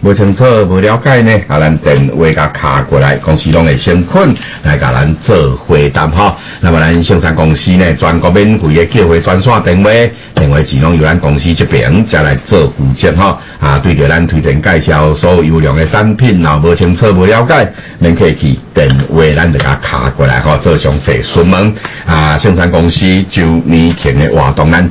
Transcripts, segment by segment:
無清楚、無了解呢，啊，咱電話甲敲過來，公司攏會先款來甲咱做回答吼。那麼咱生產公司呢，全國免費嘅客戶專線電話，電話只能由咱公司這邊再來做負責吼。啊，對着咱推薦介紹所有優良嘅產品，若、哦、無清楚、無了解，您可以去電話咱就甲敲過來吼、哦，做詳細詢問。啊，生產公司周年慶嘅活動咱。嗯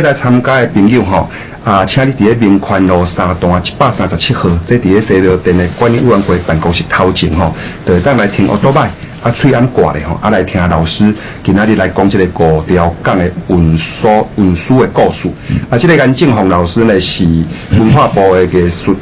來，來參加的朋友吼，啊，請你佇咧民權路三段一百三十七號，即佇咧西螺鎮嘅管理委員會辦公室頭前吼，就當來聽學多擺啊，吹安掛咧吼，啊，來聽老師今仔日來講即個五條港嘅文史文史嘅故事，啊，即、這個安正紅老師咧是文化部嘅藝術。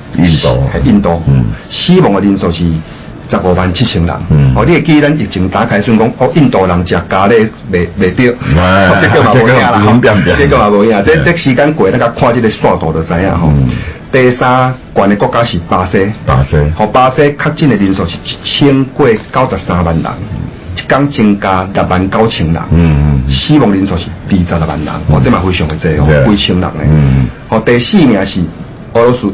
印度，印度，死、嗯、亡的人數是十五萬七千人。哦、嗯，你會記得咱疫情打開先講，哦，印度人食咖喱未未對，這叫嘛無影啦，這叫嘛無影。這這時間過，大家看這個速度就知影、嗯、第三，懸嘅國家是巴西，巴西，哦，巴西確診嘅人數是一千過九十三萬人，嗯、一講增加廿萬九千人，死、嗯、亡人數是二十六萬人，哦，這嘛非常嘅多，好、哦、幾千人咧、嗯。哦，第四名是俄羅斯。